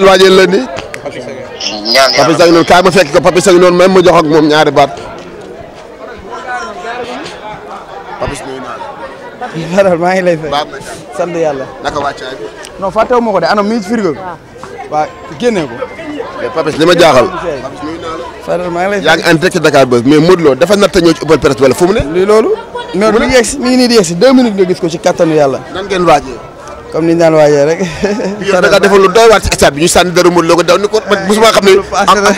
leen waajee lëndi papi sang noonu kaay ma fekk ko papi sang noonu même ma jox ak moom ñaari baat papi nuyu naa ngi lay fay sant yàlla naka wàccaay non fàttewu ma ko de ana mi firgo bi ah. waaw ko mais papi li ma jaaxal faral maa ngi lay yaa ngi en direct Dakar Buzz mais Modou Lo dafa natta ñëw ci open presse wala fu ne lii loolu mais mi ngi nii di yegsi deux nga gis ko ci kattanu yàlla nan ngeen waajee comme ni ñu daan waajee rek. yow da ngaa defal lu doy waar ci stade bi ñu sànni dara Modou Lo ko daw ni ko man mosuma xam ne.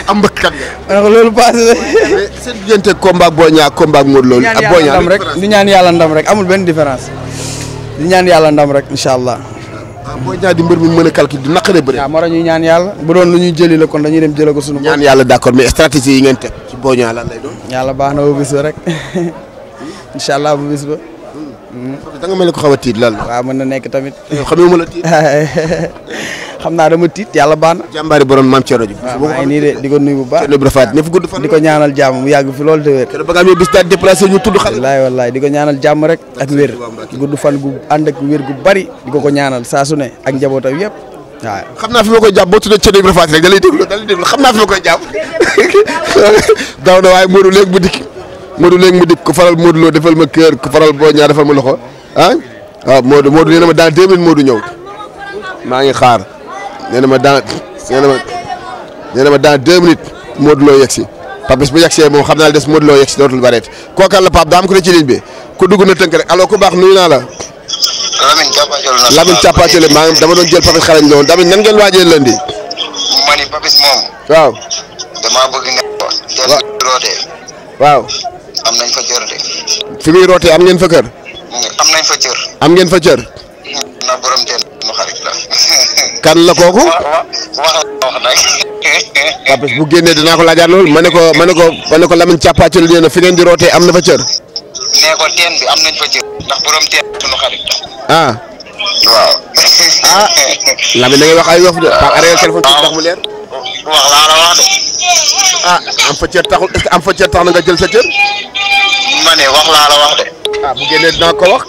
am mbëkkat nga. man loolu passé na. mais seen diggante combat ak Boy Niang rek di ñaan yàlla ndam rek amul benn différence. di ñaan yàlla ndam rek incha allah. waaw ah, Boy Niang di mbër mi mën a calculer du naqaree bëri. moo tax ñuy ñaan yàlla bu doon lu ñuy jëli la kon ñu dem jëlee ko sunu. ñaan yàlla d'accord mais stratégie yi ngeen teg ci Boy Niang lan lay doon. yàlla baax na bu bis ba rek incha allah bu bis da nga mel ni ko xaw a tiit la. waaw mën na nekk tamit. xamee ma la tiit. xam naa dama tiit yàlla baax na. jàmbaari borom maam Thierno Diouf. waaw nii de di ko nuyu bu baax. Thierno Ibrahima Fall ne fu gudd fan. di ko ñaanal jàmm mu yàgg fi loolu te wér. nga tudd xale. wallaay wallaay di ko ñaanal jàmm rek ak wér. fan gu ànd ak wér gu bari. di ko ñaanal saa su ne ak njabootam yëpp. waaw xam naa fi ma koy jàpp boo tuddee Thierno Ibrahima Fall rek da lay déglu da xam naa fi ma koy jàpp daaw na waaye Modou léegi bu dikk Modou léegi mu dikk ku faral Modou Lo defal ma kër ku faral boo ñaa defal ma loxo ah waaw Modou Modou nee ma dans deux minutes Modou ñëw maa ngi xaar nee na ma dans nee na ma nee na ma dans deux minutes Modou Lo yegg si bu yegg see moom xam naa des Modou Lo si dootul bareet kookaan la Pape daa am ko ne ci ligne bi ku dugg na tënk rek allo ku baax nuyu naa la. Lamine Thiapathiolle naa la Lamine Thiapathiolle maa ngi dama doon jël Papis xarañ loon Lamine nan ngeen waajee lundi. ma ni Papis moom. waaw. waaw am nañ fa cër fi muy rootee am ngeen fa am nañ fa cër. fa cër. la. kan la kooku. wax bu génnee dinaa ko laajaat loolu ma ne ko ma ne ko ma ne ko Lamine càppaacul nee na fi ngeen di rootee am na fa cër. nee am nañ fa cër ndax ah. waaw. ah Lamine da ay wax de. waaw arrêté téléphone ndax mu leer. wax laa la wax de. ah am tax na nga jël sa cër. ma ne wax laa la wax de. ah bu génnee dinaa ko wax.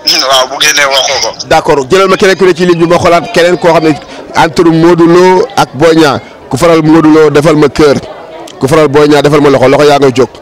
waaw bu génnee waxoo ko. d'accord jëlal ma keneen ku ne ci ligne bi ma xolaat keneen ko xam ne entre Modou Lo ak Boy Niang ku faral Modou Lo defal ma kër ku faral Boy Niang defal ma loxo loxo yaa nga jóg.